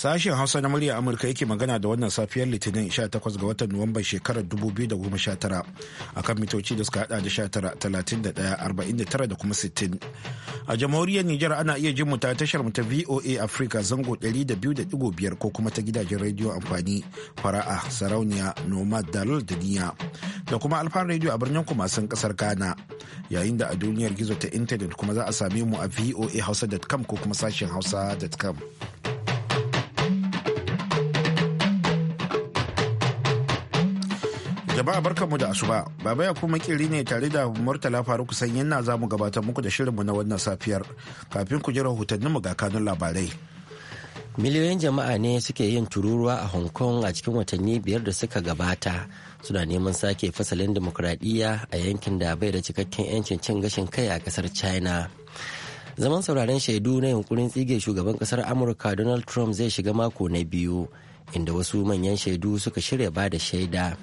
Sashen Hausa na murya Amurka yake magana da wannan safiyar Litinin 18 ga watan Nuwamban shekarar 2019 akan mitoci da suka hada da 19,31,49 da kuma 60. A jamhuriyar Nijar ana iya jin mu ta tashar mu ta VOA Africa zango 200.5 ko kuma ta gidajen rediyo amfani fara'a sarauniya nomad dalal da niya da kuma alfa rediyo a birnin kumasan kasar Ghana yayin da a duniyar gizo ta intanet kuma za a same mu a voa hausa.com ko kuma sashen hausa.com. Jama'a mu da asuba. Baba ya kuma kiri ne tare da Murtala Faruku sanyin na zamu gabatar muku da shirinmu na wannan safiyar. Kafin ku ji mu ga kanun labarai. Miliyoyin jama'a ne suke yin tururuwa a Hong Kong a cikin watanni biyar da suka gabata. Suna neman sake fasalin demokuraɗiyya a yankin da bai da cikakken 'yancin cin gashin kai a kasar China. Zaman sauraren shaidu na yunkurin tsige shugaban kasar Amurka Donald Trump zai shiga mako na biyu, inda wasu manyan shaidu suka shirya ba da shaida.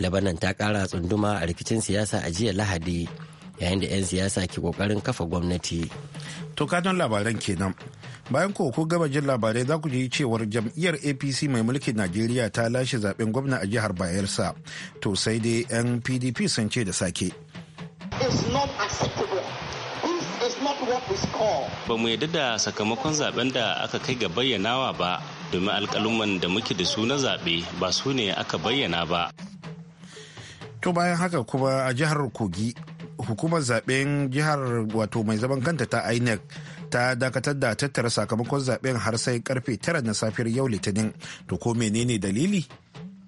labanan ta kara tsunduma a rikicin siyasa a jiya lahadi yayin da 'yan siyasa ke kokarin kafa gwamnati to katon labaran kenan bayan ko ku gaba jin labarai za ku ji cewar jam'iyyar apc mai mulkin najeriya ta lashe zaben gwamna a jihar bayelsa to sai dai 'yan pdp sun ce da sake ba mu yadda da sakamakon zaben da aka kai ga bayyanawa ba domin alkaluman da muke da su na zaɓe ba su ne aka bayyana ba to bayan haka kuma a jihar kogi hukumar zaben jihar wato mai zaman kanta ta inec ta dakatar da tattara sakamakon zaben har sai karfe tara na safiyar yau litinin to ko menene dalili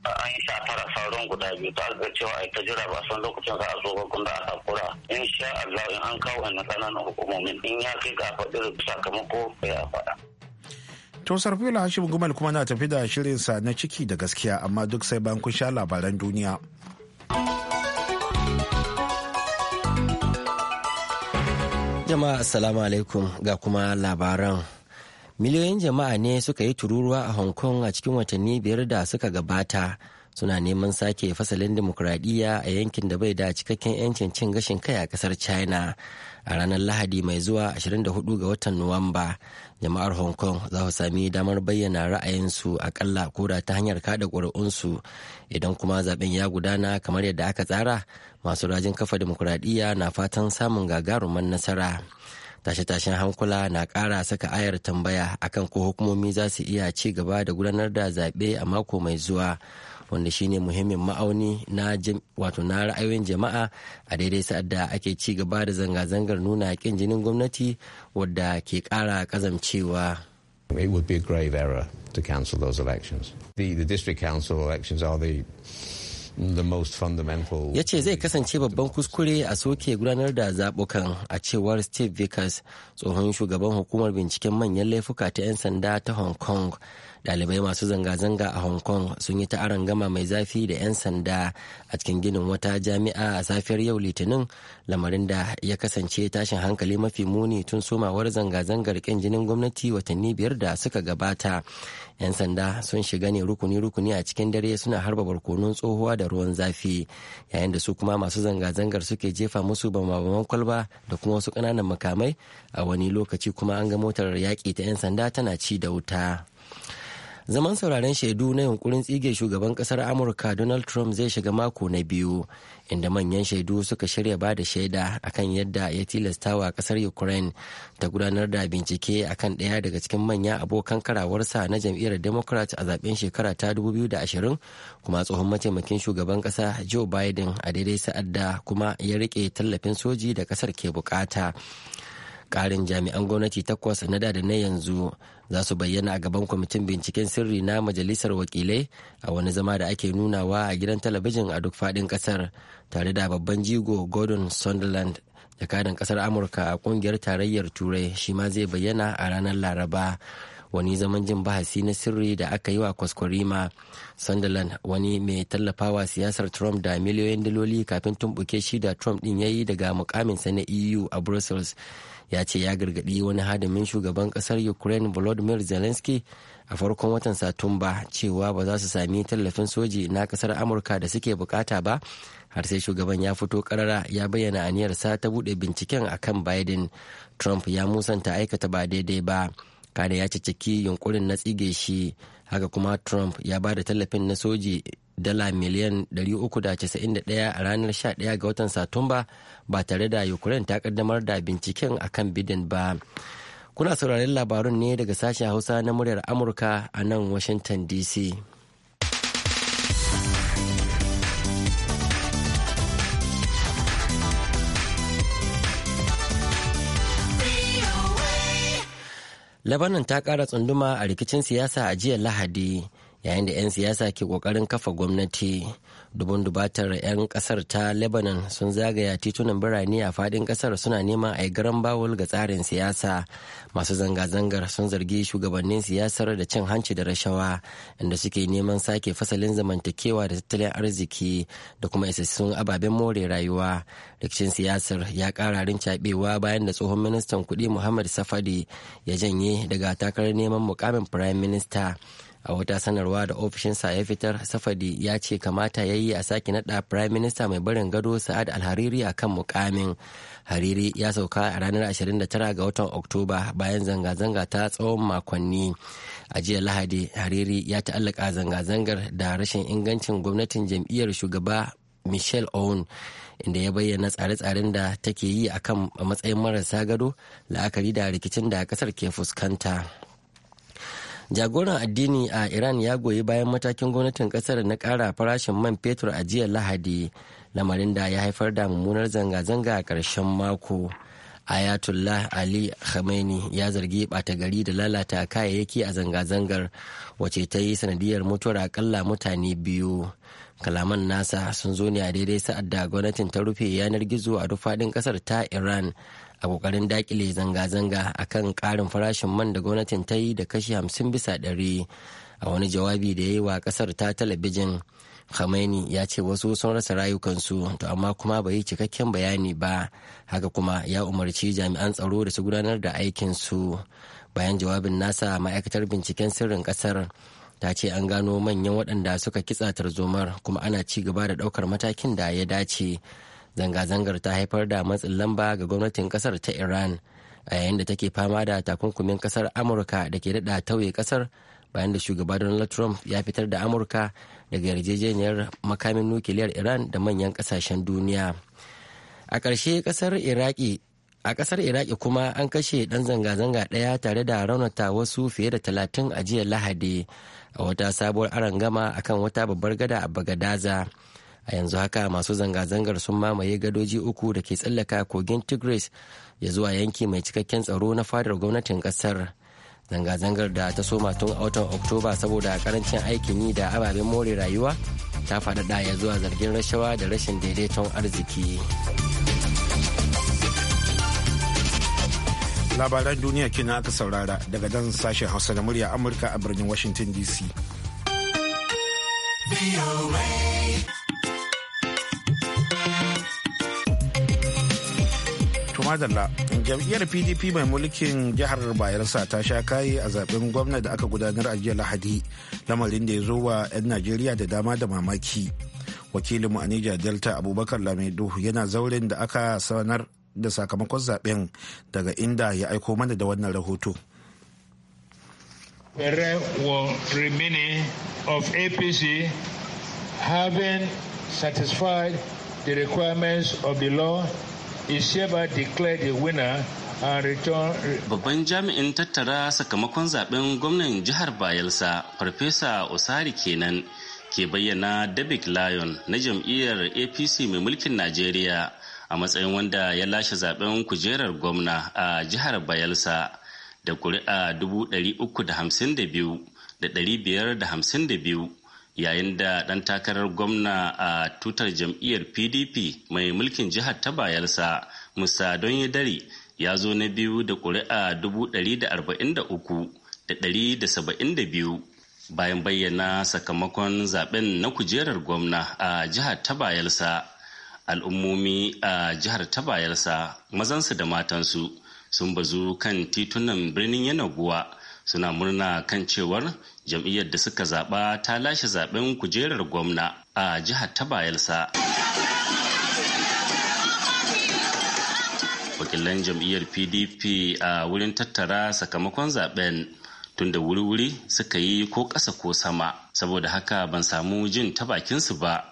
an yi tara sauran guda biyu ta ga cewa a ta jira ba san lokacin za a zo ba da a kura in sha Allah in an kawo wannan kananan hukumomin in ya kai ga faɗi sakamako ya faɗa To sarfila Hashim Gumal kuma na tafi da shirinsa na ciki da gaskiya amma duk sai bayan kun sha labaran duniya. Jama'a Assalamu alaikum ga kuma labaran. Miliyoyin jama'a ne suka yi tururuwa a Hong Kong a cikin watanni biyar da suka gabata suna neman sake fasalin demokuraɗiyya a yankin da bai da cikakken 'yancin cin gashin kai a kasar China. A ranar Lahadi mai zuwa 24 ga watan Nuwamba, jama'ar Hong Kong za su sami damar bayyana ra'ayinsu akalla koda ta hanyar kada ƙuri'unsu idan kuma zaɓen ya gudana kamar yadda aka tsara masu rajin kafa demokuraɗiyya na fatan samun gagaruman nasara tashe-tashen hankula na ƙara saka ayar tambaya akan ko hukumomi za su iya ci gaba da gudanar da zaɓe a mako mai zuwa wanda shine muhimmin ma'auni na wato na ra'ayoyin jama'a a daidai sa'ad da ake ci gaba da zanga-zangar nuna ƙin jinin gwamnati wadda ke ƙara ƙazamcewa. It would be a grave error to cancel those elections. The, the district council elections are the ya ce zai kasance babban kuskure a soke gudanar da zaɓukan a cewar steve vickers tsohon shugaban hukumar binciken manyan laifuka ta 'yan sanda ta hong kong dalibai masu zanga-zanga a Hong Kong sun yi ta gama mai zafi da 'yan sanda a cikin ginin wata jami'a a safiyar yau Litinin lamarin da ya kasance tashin hankali mafi muni tun somawar zanga-zangar ƙin jinin gwamnati watanni biyar da suka gabata. 'Yan sanda sun shiga ne rukuni-rukuni a cikin dare suna harba barkonon tsohuwa da ruwan zafi yayin da su kuma masu zanga-zangar suke jefa musu bama kwalba da kuma wasu ƙananan makamai a wani lokaci kuma an ga motar yaƙi ta 'yan sanda tana ci da wuta. zaman sauraren shaidu na yunkurin tsige shugaban kasar amurka donald trump zai shiga mako na biyu inda manyan shaidu suka shirya ba da shaida akan yadda ya tilasta tilastawa kasar ukraine ta gudanar da bincike akan ɗaya daga cikin manyan abokan karawarsa na jam'iyyar democrat a zaben shekara ta 2020 kuma tsohon mataimakin shugaban kasa joe biden a daidai sa'ad da kuma ya rike tallafin soji da kasar ke bukata ƙarin jami'an gwamnati takwas na da na yanzu za su bayyana a gaban kwamitin binciken sirri na majalisar wakilai a wani zama da ake nunawa a gidan talabijin a duk faɗin ƙasar tare da babban jigo gordon sunderland jakadan ƙasar amurka a ƙungiyar tarayyar turai shi ma zai bayyana a ranar laraba wani zaman jin bahasi na sirri da aka yi wa kwaskwarima sunderland wani mai tallafawa siyasar trump da miliyoyin daloli kafin tumbuke shi da trump din ya yi daga sa na eu a brussels ya ce ya gargadi wani hadimin shugaban kasar ukraine volodymyr zelensky a farkon watan satumba cewa ba za su sami tallafin soji na kasar amurka da suke bukata ba har sai shugaban ya fito karara ya bayyana aniyarsa ta buɗe binciken akan biden trump ya musanta aikata ba daidai ba kada ya cicciki yunkurin na tsige shi haka kuma trump ya ba da tallafin na soji dala miliyan 391 a ranar 11 ga watan satumba ba tare da ukraine ta kaddamar da binciken a kan bidin ba kuna sauraron labarun ne daga sashen hausa na muryar amurka a nan washington dc Lebanon ta ƙara tsunduma a rikicin siyasa a jiya Lahadi yayin da 'yan siyasa ke kokarin kafa gwamnati dubun dubatar 'yan kasar ta lebanon sun zagaya titunan birane a fadin kasar suna neman a garan bawul ga tsarin siyasa masu zanga-zangar sun zargi shugabannin siyasar da cin hanci da rashawa inda suke neman sake fasalin zamantakewa da tattalin arziki da kuma isassun ababen more rayuwa rikicin siyasar ya kara rincaɓewa bayan da tsohon ministan kuɗi muhammad safadi ya janye daga takarar neman mukamin firayim minista a wata sanarwa da ofishinsa ya fitar safadi ya ce kamata ya yi a sake nada prime minister mai barin gado sa'ad alhariri a kan mukamin hariri ya sauka a ranar 29 ga watan oktoba bayan zanga-zanga ta tsawon makonni a jiya lahadi hariri ya ta'allaka zanga-zangar da rashin ingancin gwamnatin jam'iyyar shugaba michelle owen inda ya bayyana tsare-tsaren da take yi a kan matsayin marasa gado la'akari da rikicin da kasar ke fuskanta jagoran addini a iran ya goyi bayan matakin gwamnatin kasar na kara farashin man fetur a jiya lahadi lamarin da ya haifar da mummunar zanga-zanga a ƙarshen mako ayatollah ali khamenei ya zargi ɓata gari da lalata kayayyaki a zanga-zangar wace ta yi sanadiyar mutuwar akalla mutane biyu kalaman nasa sun zo ne a daidai sa'ad da gwamnatin ta rufe yanar gizo a rufaɗin ƙasar ta iran a kokarin dakile zanga-zanga a kan karin farashin man da gwamnatin ta yi da kashi hamsin bisa ɗari a wani jawabi da ya yi wa kasar ta talabijin Khamenei ya ce wasu sun rasa rayukansu to amma kuma bai yi cikakken bayani ba haka kuma ya umarci jami'an tsaro da su gudanar da aikin su bayan jawabin nasa ma'aikatar binciken sirrin kasar ta ce an gano manyan waɗanda suka kitsa tarzomar kuma ana ci gaba da ɗaukar matakin da ya dace zanga-zangar ta haifar da matsin lamba ga gwamnatin kasar ta iran a yayin da take fama da takunkumin kasar amurka da ke daɗa tauye kasar bayan da shugaba donald trump ya fitar da amurka daga yarjejeniyar makamin nukiliyar iran da manyan kasashen duniya a ƙarshe kasar iraki a kasar iraki kuma an kashe ɗan zanga-zanga ɗaya tare da raunata wasu fiye da talatin a jiya lahadi a wata sabuwar arangama akan wata babbar gada a bagadaza. a yanzu haka masu zanga-zangar sun mamaye gadoji uku da ke tsallaka kogin tigris ya zuwa yanki mai cikakken tsaro na fadar gwamnatin kasar zanga-zangar da ta soma tun a watan oktoba saboda karancin aikin yi da ababen more rayuwa ta faɗaɗa ya zuwa zargin rashawa da rashin daidaiton arziki labaran duniya kina aka saurara daga dan sashen hausa da murya amurka a birnin washington dc dalla jam'iyyar pdp mai mulkin jihar bayelsa ta sha kayi a zaben gwamna da aka gudanar a jiya lahadi lamarin da ya zo wa 'yan najeriya da dama da mamaki wakilin a delta abubakar lamido yana zauren da aka sanar da sakamakon zaben daga inda ya aiko mana da wannan rahoto of APC having satisfied the requirements of the law is hereby declared the winner return. Babban jami'in tattara sakamakon zaben gwamnan jihar Bayelsa, Farfesa Osari kenan ke bayyana David Lyon na jam'iyyar APC mai mulkin Najeriya a matsayin wanda ya lashe zaben kujerar gwamna a jihar Bayelsa da kuri'a 352,552. yayin da ɗan takarar gwamna a tutar jam'iyyar pdp mai mulkin jihar ta bayelsa musa don dare ya zo na biyu da ƙuri'a 143,172 bayan bayyana sakamakon zaben na kujerar gwamna a jihar ta bayelsa al'ummomi a jihar ta bayelsa mazansu da matansu sun bazu kan titunan birnin yanaguwa suna murna kan cewar jam'iyyar da suka zaɓa ta lashe zaɓen kujerar gwamna a jihar ta bayelsa wakilan jam'iyyar pdp a wurin tattara sakamakon zaben tunda da wuri-wuri suka yi ko ƙasa ko sama saboda haka ban samu jin ta bakinsu ba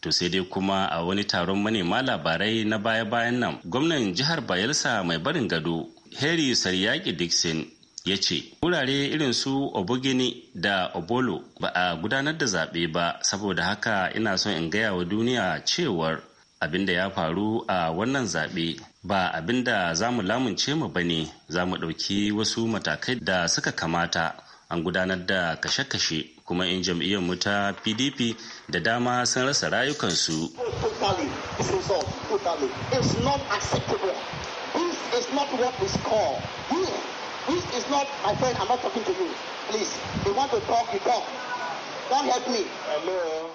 to sai dai kuma a wani taron manema labarai na baya-bayan nan gwamnan jihar bayelsa mai barin gado harry saryaki dixon ya ce wurare irin su obogini da obolo ba a gudanar da zaɓe ba saboda haka ina son in gaya wa duniya cewar abin da ya faru a wannan zaɓe ba abin da za mu lamunce mu ba ne za mu ɗauki wasu matakai da suka kamata an gudanar da kashe-kashe kuma in jam'iyyar mu ta pdp da dama sun rasa rayukansu It's not what we This is not my friend. I'm not talking to you. Please, you want to talk, you talk.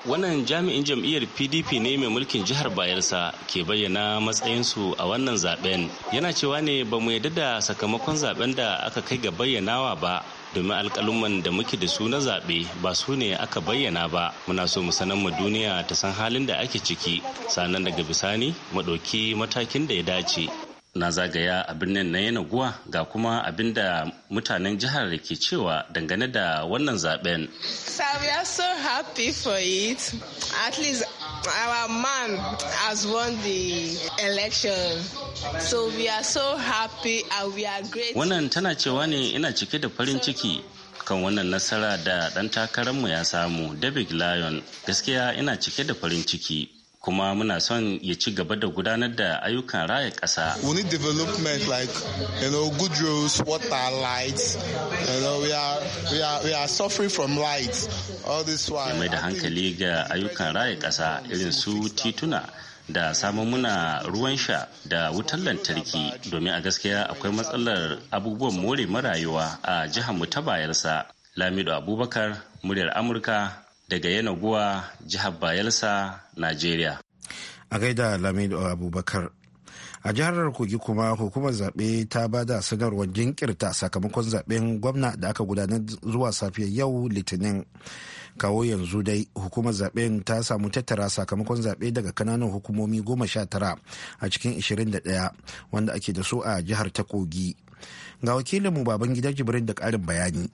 Wannan jami'in jam'iyyar PDP ne mai mulkin jihar Bayelsa ke bayyana matsayinsu a wannan zaben. Yana cewa ne ba mu yadda da sakamakon zaben da aka kai ga bayyanawa ba domin alkaluman da muke da su na zaɓe ba su ne aka bayyana ba muna so mu sanar mu duniya ta san halin da ake ciki sannan daga bisani mu ɗauki matakin da ya dace na zagaya a birnin na yanaguwa ga kuma abin da mutanen jihar ke cewa dangane da wannan zaben. we are so happy for Wannan tana cewa ne ina cike da farin ciki kan wannan nasara da ɗan takararmu ya samu, David Lyon. Gaskiya ina cike da farin ciki. kuma muna son ya ci gaba da gudanar da ayyukan raya ƙasa. We need development like you know good roads, water, lights. You know we are we are we are suffering from lights all this while. Mai da hankali ga ayyukan raya ƙasa irin su tituna da samun muna ruwan sha da wutar lantarki domin a gaskiya akwai matsalar abubuwan more marayuwa a jihar mu ta bayelsa lamido abubakar muryar amurka daga yanaguwa jihar bayelsa najeriya a gaida lamido abubakar a jihar kogi kuma hukumar zaɓe ta ba da sanarwar jinkirta sakamakon zaɓen gwamna da aka gudanar zuwa safiyar yau litinin kawo yanzu dai hukumar zaɓen ta samu tattara sakamakon zaɓe daga kananan hukumomi goma sha tara a cikin ishirin da ɗaya wanda ake da su a jihar ta kogi ga wakilinmu baban gida jibrin da ƙarin bayani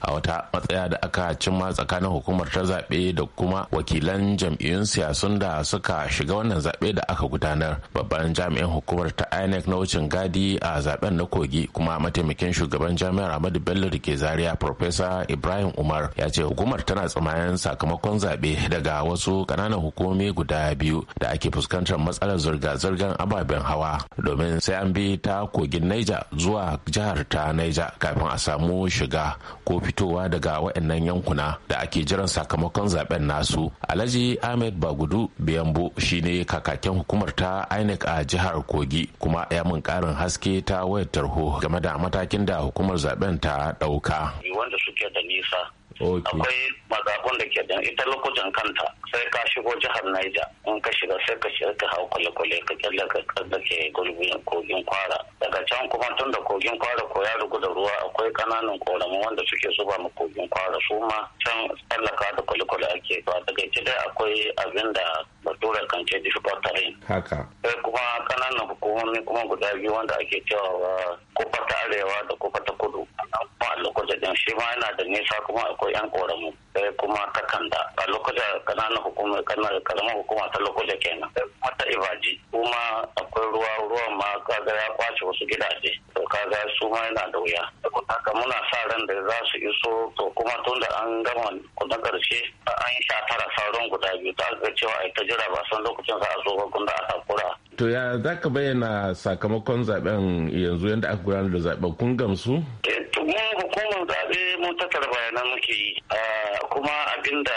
a wata matsaya da aka cimma tsakanin hukumar ta zaɓe da kuma wakilan jam'iyyun siyasun da suka shiga wannan zaɓe da aka gudanar babban jami'in hukumar ta inec na wucin gadi a zaɓen na kogi kuma mataimakin shugaban jami'ar ahmadu bello da ke zaria profesa ibrahim umar ya ce hukumar tana tsamayen sakamakon zaɓe daga wasu ƙananan hukumomi guda biyu da ake fuskantar matsalar zirga-zirgar ababen hawa domin sai an bi ta kogin naija zuwa jihar ta naija kafin a samu shiga kofi fitowa daga waɗannan yankuna da ake jiran sakamakon zaben nasu alhaji ahmed bagudu biyambo shine kakakin hukumar ta inec a jihar kogi kuma ya mun karin haske ta wayar tarho game da matakin da hukumar zaben ta ɗauka wanda suke da nisa akwai mazaɓun da ke ɗin ita lokacin kanta sai ka shigo jihar Niger in ka shiga sai ka shiga ka hau kwale-kwale ka kyalle ka da ke gulbin kogin kwara daga can kuma tun da kogin kwara ko ya rugu da ruwa akwai ƙananan ƙoramu wanda suke zuba ma kogin kwara su ma can tsallaka da kwale-kwale ake ba daga ita dai akwai abin da batura kan ce difficult terrain haka sai kuma kananan hukumomi kuma guda biyu wanda ake cewa kofa ta arewa da kofa ta kudu kuma a lokacin shi ma yana da nisa kuma akwai yan ƙoramu. sai eh, eh, kuma ta kanda a lokuta kananan kanar karamar hukuma ta lokuta kenan mata ibaji kuma akwai ruwa ruwa ma kaga ya kwace wasu gidaje to kaga su ma yana da wuya haka muna sa ran da za su iso to kuma tun da an gama na karshe an sha tara sauran guda biyu ta ga cewa ai ta jira ba san lokacin za a zo ba kun da aka kura to ya za ka bayyana sakamakon zaben yanzu yadda aka gudanar da zaben kun gamsu? Eh, mun hukumar zaɓe mun tattara bayanan muke yi ah, kuma abinda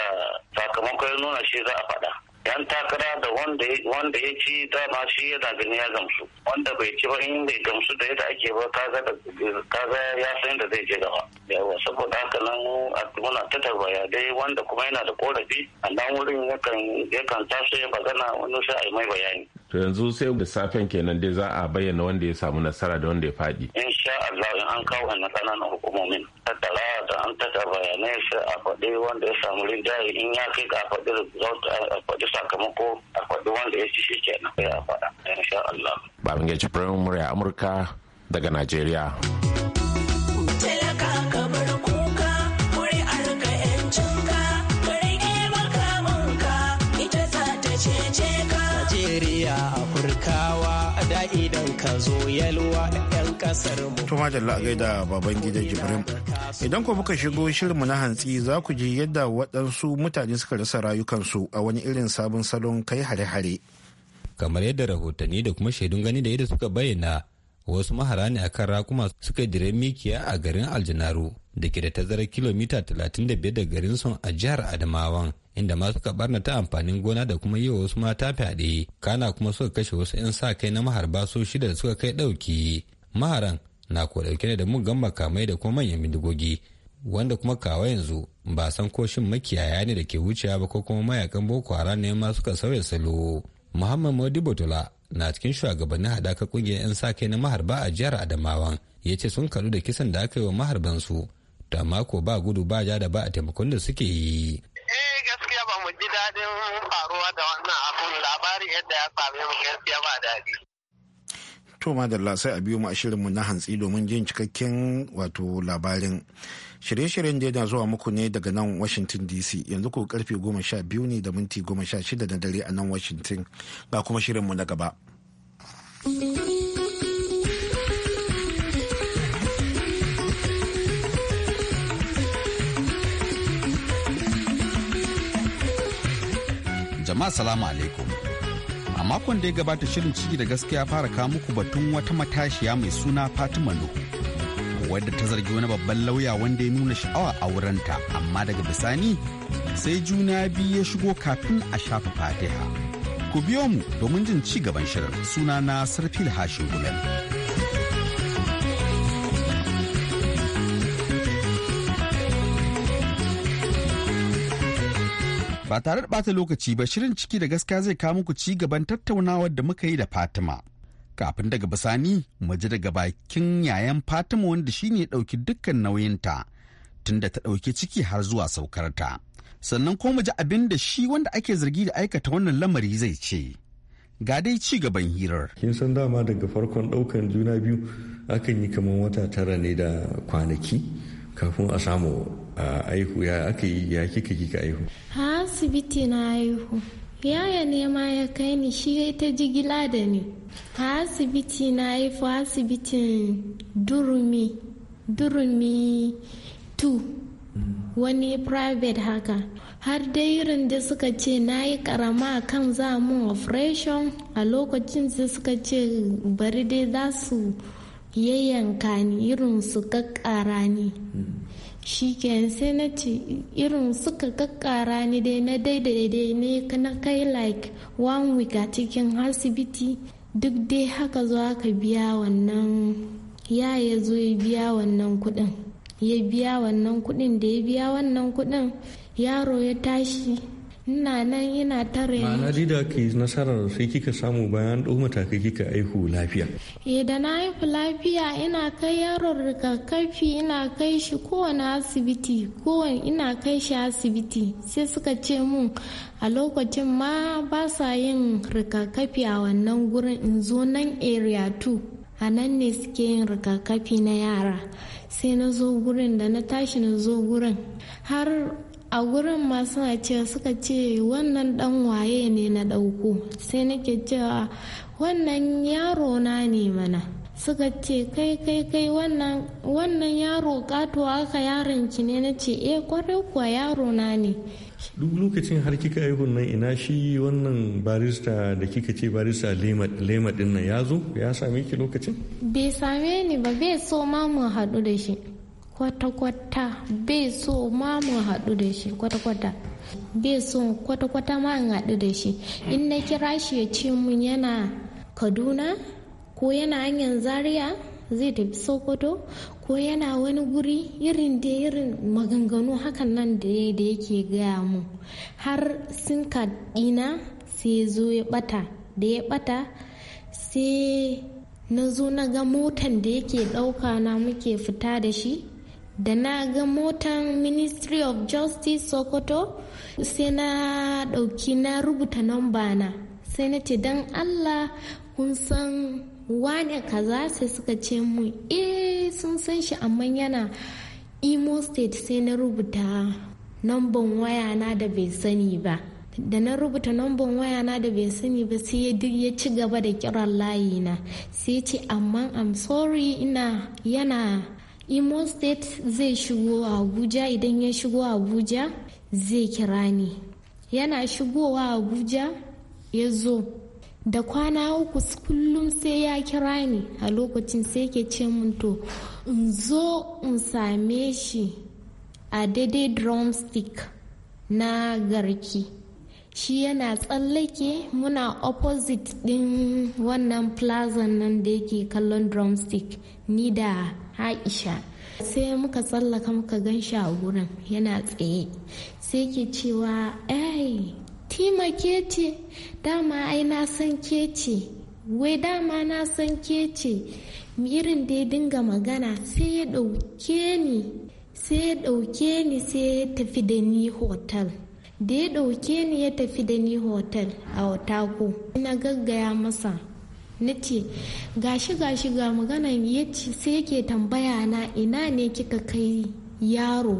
sakamakon ya nuna shi za a faɗa yan takara da wanda ya ci dama shi yana gani ya gamsu wanda bai ci ba in bai gamsu da yadda ake ba kaga ya san da zai je gaba yawa saboda haka nan muna ta tarbaya dai wanda kuma yana da korafi a nan wurin yakan taso ya bagana wani sai a yi mai bayani to yanzu sai da safen kenan dai za a bayyana wanda ya samu nasara da wanda ya faɗi. insha Allah in an kawo wannan ƙananan hukumomin tattara da an tattara bayanai sai a faɗi wanda ya samu rinjaye in ya kai ga a faɗi sakamako a faɗi wanda ya ci shi kenan ya a faɗa insha Allah. Babangare Firayin Murya Amurka daga Najeriya. yalwa 'yan kasar mu. Tuma Jalla a gaida baban gida Jibrin. Idan ku muka shigo shirinmu na hantsi za ku ji yadda waɗansu mutane suka rasa rayukansu a wani irin sabon salon kai hare-hare. Kamar yadda rahotanni da kuma shaidun gani da yadda suka bayyana wasu mahara ne a kan rakuma suka dire mikiya a garin Aljanaru da ke da tazarar kilomita 35 da garin son a jihar Adamawan. inda ma suka barnata amfanin gona da kuma yi wa wasu mata fyaɗe kana kuma suka kashe wasu 'yan sa kai na maharba su shida da suka kai ɗauki maharan na ko ɗauke da mugan makamai da kuma manyan bindigogi wanda kuma kawa yanzu ba san ko shin makiyaya ne da ke wucewa ba ko kuma mayakan boko haram ne ma suka sauya salo muhammad modi botola na cikin shugabannin haɗaka ƙungiyar 'yan sa kai na maharba a jihar adamawan ya ce sun kaɗu da kisan da aka yi wa maharbansu su amma mako ba gudu ba ja da ba a taimakon da suke yi faruwa da wannan abun labarin yadda ya same mu gaskiya ba daɗi. To madalla sai a biyo mu a shirinmu na hantsi domin jin cikakken wato labarin. Shirye-shiryen da yana zuwa muku ne daga nan Washington DC yanzu ko karfe goma sha biyu ne da minti goma sha shida na dare a nan Washington ga kuma shirinmu na gaba. jama'a salamu alaikum a makon da ya gabata shirin ciki da gaskiya fara kawo muku batun wata matashiya mai suna fatima nuhu wadda ta zargi wani babban lauya wanda ya nuna sha'awa a wurinta amma daga bisani sai juna biyu ya shigo kafin a shafa fatiha ku biyo mu domin jin ci gaban shirin suna na sarfil hashin gulal. Ba tare da bata lokaci ba shirin ciki da gaskiya zai kawo muku ci gaban tattaunawar da muka yi da Fatima. Kafin daga bisani mu ji daga bakin yayan Fatima wanda shine ya dauki dukkan nauyinta tunda ta ɗauki ciki har zuwa saukar ta Sannan ko mu ji abin da shi wanda ake zargi da aikata wannan lamari zai ce. Ga dai ci gaban hirar. Kin san dama daga farkon daukan juna biyu akan yi kamar wata tara ne da kwanaki. kafin a samu a aihu ya aka yi ya kika kika aihu a asibiti na aihu yaya ne ma ya kai ni shi ya ta jigila da ni a asibiti na aihu asibitin durumi durumi 2 wani private haka har dai irin da suka ce na yi karama kan za mu operation a lokacin da suka ce bari dai za su yayyanka ni irin su kakkara ne shi sai na ce irin suka kakkara ni dai na daidai ne na kai like one week a cikin asibiti duk dai haka zo ka biya wannan ya ya zo ya biya wannan kudin ya biya wannan kudin da ya biya wannan kudin yaro ya tashi ina nan ina tare ma'ana dida ke nasarar sai kika samu bayan ɗau matakai kika aihu lafiya eh da na haihu lafiya ina kai yaron rikakafi ina kai shi kowane asibiti kowane ina kai shi asibiti sai suka ce mun a lokacin ma ba sa yin rikakafi a wannan gurin in zo nan area 2 a nan ne suke yin rikakafi na yara sai na zo gurin da na tashi na zo gurin har a gurin masu ce suka ce wannan dan waye ne na ɗauko sai nake cewa wannan yaro na ne mana suka ce kai kai kai wannan yaro kato aka yaron ki ne na ce eh kwarai kuwa yaro na ne duk lokacin har kika yi nan ina shi wannan barista da kika ce barista lema din nan ya zo ya same ki lokacin bai same ni ba bai so ma mu haɗu da shi kwata-kwata bai so ma mu haɗu da shi kwata-kwata bai so kwata-kwata ma in haɗu da shi in na kira shi ya ce mun yana kaduna ko yana hanyar zaria zai tafi sokoto ko yana wani guri irin da irin maganganu hakan nan da yake gaya mu har sun ɗina sai zo ya bata da ya bata sai na zo na ga motan da yake ɗauka na muke fita da shi da na ga motan ministry of justice sokoto sai na ɗauki na rubuta namba na sai na ce don allah kun san wane kaza sai suka ce mu e eh, sun san shi amma yana imo state sai na rubuta namban waya na da bai sani ba da na rubuta namban waya na da bai sani ba sai ya duk ya ci gaba da kiran layi na sai ce amma i'm sorry ina yana imo state zai shigo abuja idan ya shigo abuja zai kira ni yana shigowa abuja ya zo da kwana uku kullum sai ya kira ni a lokacin sai ke ce mun to in zo in same shi a daidai drumstick na garki shi yana tsallake muna opposite din wannan plaza nan da yake kallon drumstick ni da Aisha sai muka tsallaka muka gan shi a wurin yana tsaye sai ke cewa ai tima kece dama ai na san kece wai dama na san kece irin da ya dinga magana sai ya ɗauke ni sai ya ɗauke ni sai ya tafi da ni hotel da ya ɗauke ni ya tafi da ni hotel a otako na gaggaya masa na ce gashi gashi ga maganan ce sai yake tambaya na ina ne kika kai yaro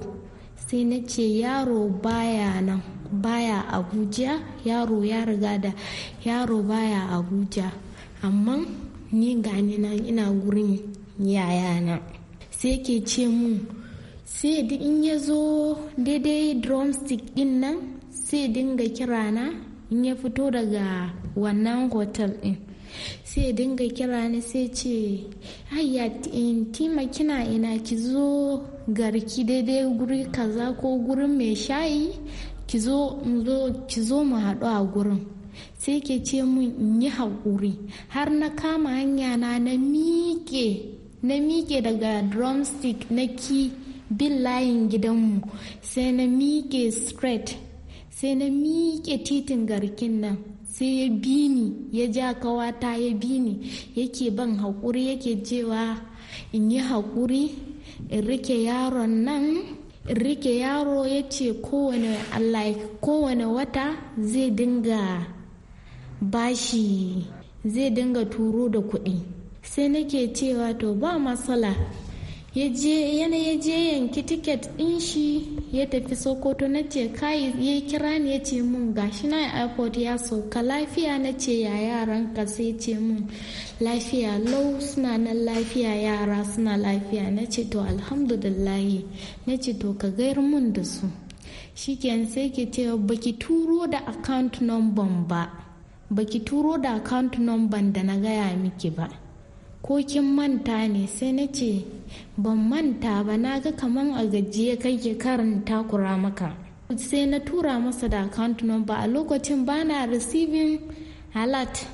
sai na ce yaro baya nan baya abuja yaro ya riga da yaro baya abuja amma ni gani nan ina gurin yayana sai yake ce mun sai in ya zo daidai drumstick din nan sai dinga kirana in ya fito daga wannan hotel din sai dinga kira ni sai ce ayya tima kina ina ki zo garki daidai guri kaza ko gurin mai shayi ki zo mu haɗu a gurin sai ke ce mun in yi haƙuri har na kama hanya na na miƙe na miƙe daga drumstick na ki bin layin gidanmu sai na miƙe straight sai na miƙe titin garkin nan sai ya bi ni ya ja kawata ya bi ni yake ban haƙuri yake cewa in yi haƙuri in rike yaron nan in rike yaro ya ce kowane wata zai dinga bashi zai dinga turo da kuɗi sai nake cewa to ba matsala ya je yana ya je yanki tiket din shi ya tafi sokoto na ce kai ya kira ni ya ce mun gashi na airport ya sauka lafiya na ce ya yaran ka sai ce mun lafiya lau suna nan lafiya yara suna lafiya na ce to alhamdulillahi na ce to ka gayar mun da su shikenan sai ke ce baki turo da account number ba baki turo da account number da na gaya miki ba ko kin manta ne sai na ce ban manta ba na ga kaman a gajiye kai ke takura maka sai na tura masa da account number a lokacin bana receiving alert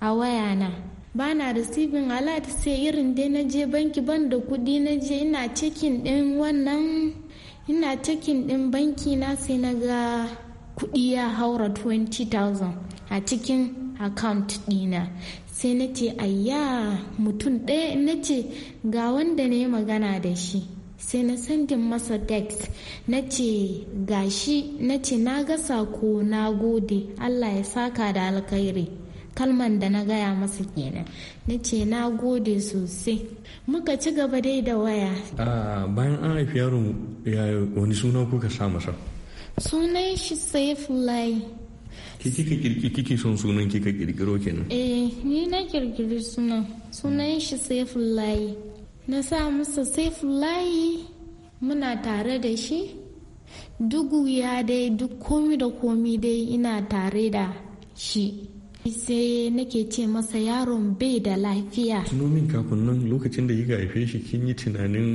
a wayana bana receiving alert sai irin dai na je banki ban da kudi na je ina cikin din wannan ina cikin din banki na sai na ga kudi ya haura 20,000 a cikin account dina sai na ce ayya mutum ɗaya na ce ga wanda na magana da shi sai na sandin masa text na ce ga shi na ce na ga sako na gode allah ya saka da alkhairi kalman da na gaya masa kenan na ce na gode sosai muka ci gaba dai da waya ah, bayan an haifi yaron wani suna kuka sa masa sunan shi saifulai ki kika kike son sunan kika kirkiro kenan eh ni na kirkiri sunan sunan shi saifullahi na sa masa saifullahi muna tare da shi Dugu ya dai duk komi da komi dai ina tare da shi sai nake ce masa yaron bai da lafiya tunomin kafin nan lokacin da kika haife shi kin yi tunanin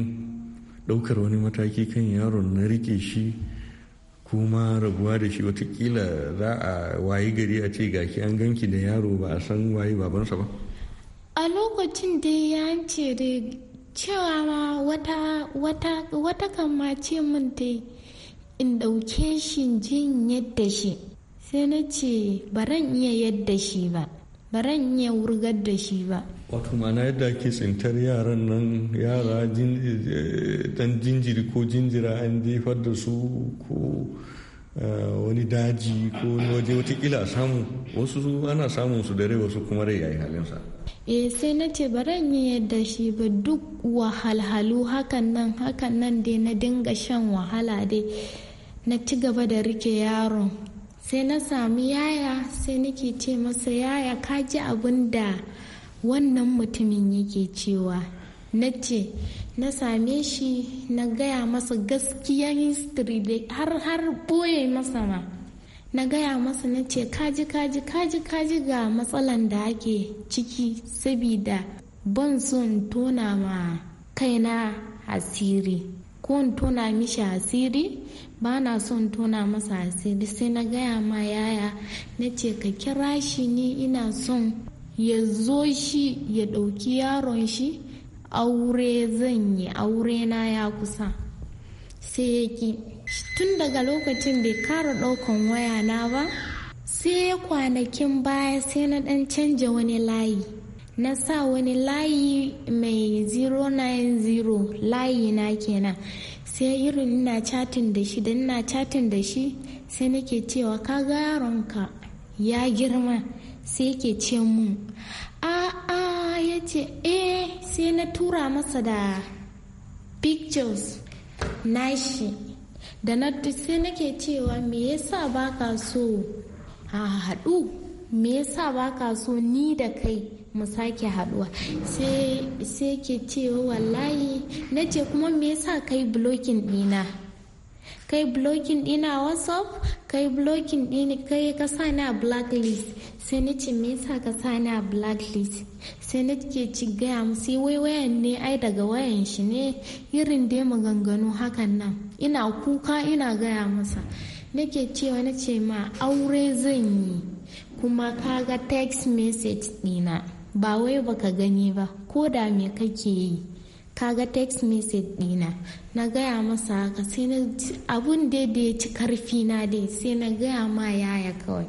ɗaukar wani mataki kan yaron na rike shi kuma rabuwa da shi watakila za a wayi gari a ce gaki an ganki da yaro ba a san wayi babansa ba a lokacin da ya ce da cewa ma wata wata wata kan ma min da in ɗauke shi jin yadda shi sai na ce baran iya yadda shi ba baran iya wurgar da shi ba wato mana yadda ake tsintar yaran nan yara dan jinjiri ko jinjira an jefar da su ko eh, wani daji ko waje watakila samu wasu ana samun su dare wasu kuma rai yayi halinsa eh sai na ce baran yi yadda shi ba duk wahalhalu hakan nan hakan nan dai na dinga shan wahala dai na ci gaba da rike yaron sai na sami yaya sai nake ce masa yaya ka ji abin da wannan mutumin yake cewa na ce na same shi na gaya masa gaskiya history da har har boye masa ma na gaya masa na ce kaji kaji kaji kaji ga matsalan da ake ciki sabida ban son tona ma kaina asiri ko in tona mishi asiri ba na son tona masa asiri sai na gaya ma yaya na ce ka kira shi ni ina son ya zo shi ya ɗauki yaron shi aure zan yi aure na ya kusa sai ya ki tun daga lokacin bai kara ɗaukan waya na ba sai kwanakin baya sai na ɗan canja wani layi na sa wani layi mai 090 layi na kenan sai irin ina chatin da shi da ina chatin da shi sai nake cewa kaga yaronka ya girma sai yake ce mun a a ya ce eh sai na tura masa da pictures na shi da na sai nake cewa me yasa ka so a haɗu me yasa ka so ni da kai mu sake haɗuwa sai ke cewa wallahi na ce kuma me yasa kai blokin ɗina kai din a whatsapp kai blogging din kai ka sa ni a blacklist sai ni ce me yasa ka sa ni a blacklist sai ni ke ci gaya musu wai wayan ne ai daga wayan shi ne irin dai maganganu hakan nan ina kuka ina gaya masa nake cewa na ce ma aure zan yi kuma ka ga text message dina ba wai baka gani ba ko da me kake yi kaga text message dina na gaya masa haka sai na abun da ya ci karfi na dai sai na gaya ma yaya kawai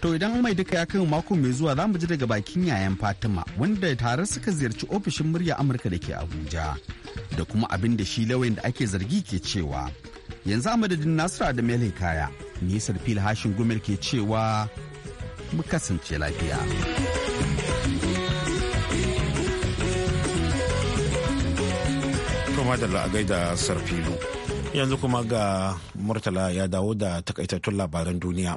To idan mai duka ya kai mako mai zuwa za mu ji daga bakin yayan Fatima wanda tare suka ziyarci ofishin murya Amurka da ke Abuja da kuma abin da shi lauyan da ake zargi ke cewa. Yanzu a madadin Nasiru Mele kaya nisar fil hashin gumir ke cewa mu kasance lafiya kuma da la'agai da sarfilu yanzu kuma ga murtala ya dawo da takaitattun labaran duniya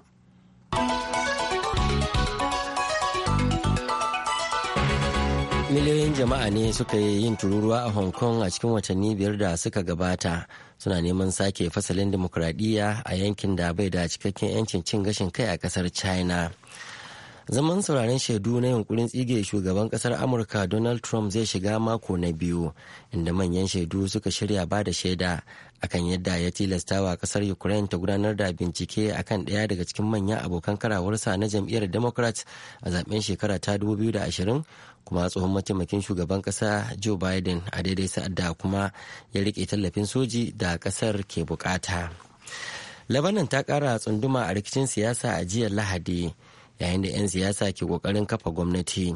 miliyoyin jama'a ne suka yi yin tururuwa a hong kong a cikin watanni biyar da suka gabata suna neman sake fasalin dimokuraɗiyya a yankin da bai da cikakken 'yancin cin gashin kai a ƙasar china zaman sauraren shaidu na yunkurin tsige shugaban kasar amurka donald trump zai shiga mako na biyu inda manyan shaidu suka shirya ba da shaida akan yadda ya tilasta wa kasar ukraine ta gudanar da bincike akan ɗaya daga cikin manyan abokan karawarsa na jam'iyyar democrat a zaben shekara ta 2020 kuma tsohon mataimakin shugaban kasa joe biden a daidai sa'ad da kuma ya rike tallafin soji da kasar ke bukata labanan ta kara tsunduma a rikicin siyasa a jiya lahadi yayin da 'yan siyasa ke kokarin kafa gwamnati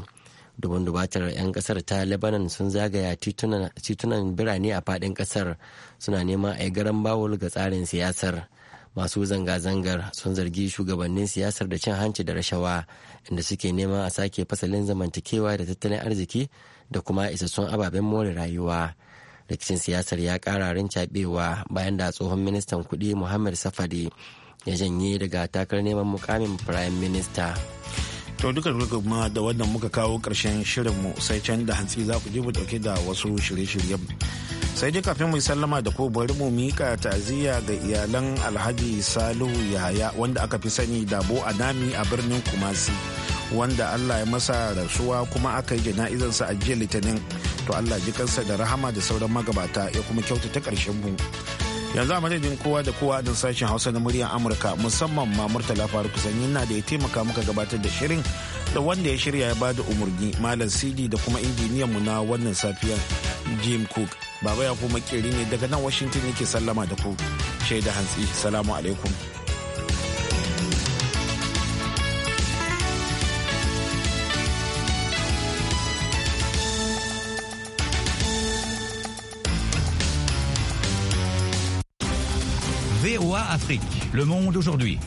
dubin dubatar 'yan kasar ta lebanon sun zagaya titunan birane a fadin kasar suna neman a garan bawul ga tsarin siyasar masu zanga-zangar sun zargi shugabannin siyasar da cin hanci da rashawa inda suke neman a sake fasalin zamantakewa da tattalin arziki da kuma isassun ababen more rayuwa rikicin siyasar ya kararin cabewa bayan da tsohon ministan kudi muhammad safari ya janye daga takarar neman mukamin prime minister. To duka duka da wannan muka kawo karshen shirin mu sai can da hantsi za ku je mu dauke da wasu shirye-shiryen. Sai dai kafin mu sallama da ko bari mu mika ta'aziyya ga iyalan Alhaji Salihu Yahaya wanda aka fi sani da Bo nami a birnin Kumasi wanda Allah ya masa rasuwa kuma aka yi jana'izarsa a jiya Litinin. To Allah ji kansa da rahama da sauran magabata ya kuma kyautata karshen mu. yanzu a madadin kowa da kowa don sashen hausa na muryar amurka musamman ma murtala faruk sanyi na da ya taimaka muka gabatar da shirin da wanda ya shirya ya bada umarni malam sidi da kuma injiniyan mu na wannan safiyar jim cook baba ya kuma ne daga nan washington yake sallama da ku shaida hantsi salamu alaikum OA Afrique. Le monde aujourd'hui.